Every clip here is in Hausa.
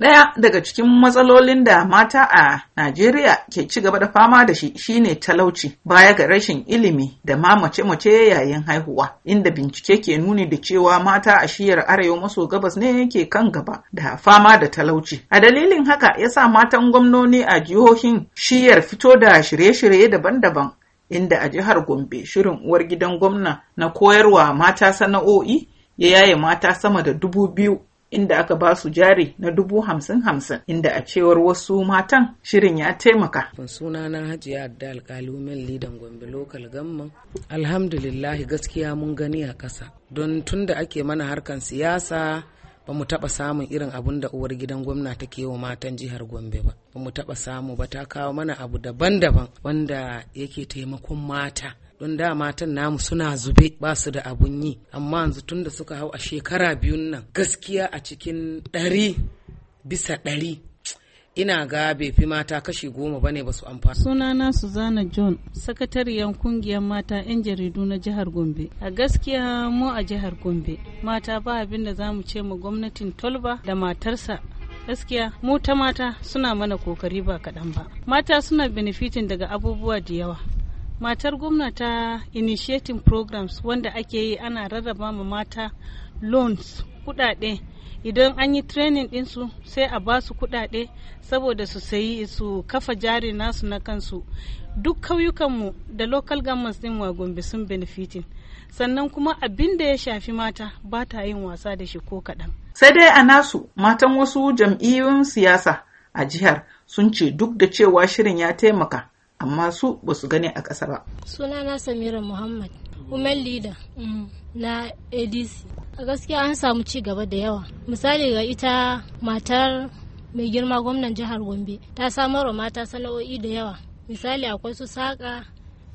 Ɗaya daga cikin matsalolin da mata a Najeriya ke ci gaba da fama da shi shine talauci baya ga rashin ilimi da ma mace-mace yayin haihuwa, inda bincike ke nuni da cewa mata a shiyar arewa maso gabas ne ke kan gaba da fama da talauci. A dalilin haka ya sa matan gwamnoni a jihohin shiyar fito da shirye-shirye daban-daban, inda a jihar Gombe shirin uwar gidan gwamna na koyarwa mata sana'o'i ya yaye mata sama da dubu biyu inda aka ba su jari na dubu hamsin hamsin inda a cewar wasu matan shirin ya taimaka. Suna na Hajiya da alkalumin Lidan Gombe Local Gamman. Alhamdulillahi gaskiya mun gani a ƙasa. Don tun da ake mana harkan siyasa ba mu taɓa samun irin abun da uwar gidan gwamna take wa matan jihar gombe ba ba mu taɓa samu ba ta kawo mana abu daban-daban wanda yake taimakon mata don da matan namu suna zube ba su da abun yi amma yanzu tun da suka hau a shekara biyun nan gaskiya a cikin ɗari bisa ɗari ina ga bai fi mata kashi goma bane ba su amfani. Sunana Suzana John, sakatariyar kungiyar mata 'yan jaridu na jihar Gombe. A gaskiya mu a jihar Gombe, mata ba abin da za mu ce ma gwamnatin Tolba da matarsa gaskiya mu ta mata suna mana kokari ba kaɗan ba mata suna benefitin daga abubuwa da yawa matar gwamna ta initiating programs wanda ake yi ana rarraba ma mata loans kudade idan an yi training dinsu sai a basu su kudade saboda su sayi su kafa jari nasu na kansu duk kauyukanmu da local governments din wa gombe sun benefitin sannan kuma abin da ya shafi mata ba ta yin wasa da shi ko kaɗan. sai dai a nasu matan wasu jam'iyyun siyasa a jihar sun ce duk da cewa shirin ya taimaka amma su ba su gani a ƙasa ba Suna na samira muhammad women leader mm, na adc a gaskiya an samu ci gaba da yawa misali ga ita matar mai girma gwamnan jihar gombe ta samar wa mata sana'o'i da yawa misali akwai su saƙa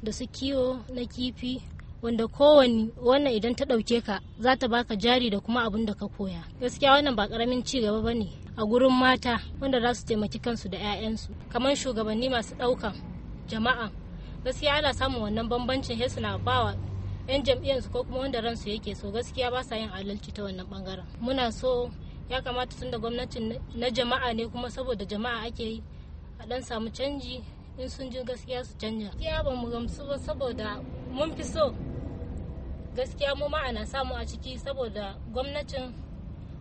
da su kiwo na kifi wanda kowane wannan idan ta ɗauke ka za ta baka jari da kuma abin da ka koya gaskiya wannan ba ƙaramin ci gaba ba ne a gurin mata wanda za su taimaki kansu da 'ya'yansu kamar shugabanni masu ɗaukan jama'a gaskiya ana samun wannan bambancin hesu na bawa yan su ko kuma wanda ransu yake so gaskiya ba sa yin adalci ta wannan bangaren muna so ya kamata tun da gwamnatin na jama'a ne kuma saboda jama'a ake yi a dan samu canji in sun ji gaskiya su canja gaskiya ba mu gamsu ba saboda mun fi so gaskiya mu ma'ana samu a ciki saboda gwamnatin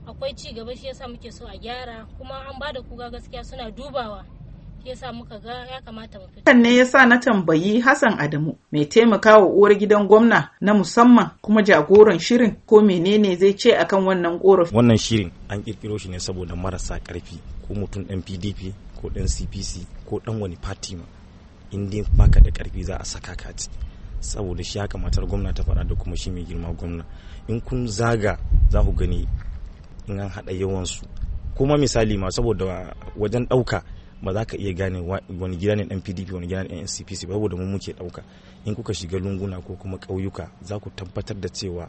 akwai ci gaba shi yasa muke so a gyara kuma an ba da kuga gaskiya suna dubawa yasa muka ya kamata ne yasa na tambayi Hassan Adamu mai taimaka wa uwar gidan gwamna na musamman kuma jagoran shirin ko menene zai ce akan wannan korafi. Wannan shirin an kirkiro shi ne saboda marasa karfi ko mutum ɗan PDP ko ɗan CPC ko ɗan wani party ma in dai baka da karfi za a saka ka ciki saboda shi ya kamatar gwamna ta faɗa da kuma shi mai girma gwamna in kun zaga za ku gani in an haɗa yawansu kuma misali ma saboda wajen ɗauka ba za ka iya gane wani gida ne dan pdp wani gida ne dan ncpc ba saboda mu muke dauka in kuka shiga lunguna ko kuma ƙauyuka za ku tabbatar da cewa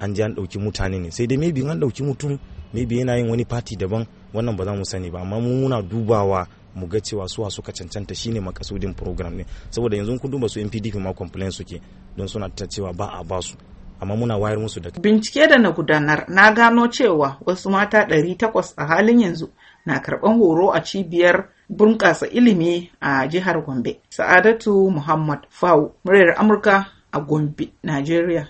an ji an ɗauki mutane ne sai dai maybe an ɗauki mutum maybe yana yin wani fati daban wannan ba za mu sani ba amma mu muna dubawa mu ga cewa suwa suka cancanta shine makasudin program ne saboda yanzu kun duba su NPDP ma complain suke don suna ta cewa ba a basu amma muna wayar musu da bincike da na gudanar na gano cewa wasu mata 800 a halin yanzu na karɓan horo a cibiyar bunƙasa ilimi a jihar Gombe. Sa'adatu Muhammad Fawo, muryar Amurka a Gombe, Najeriya.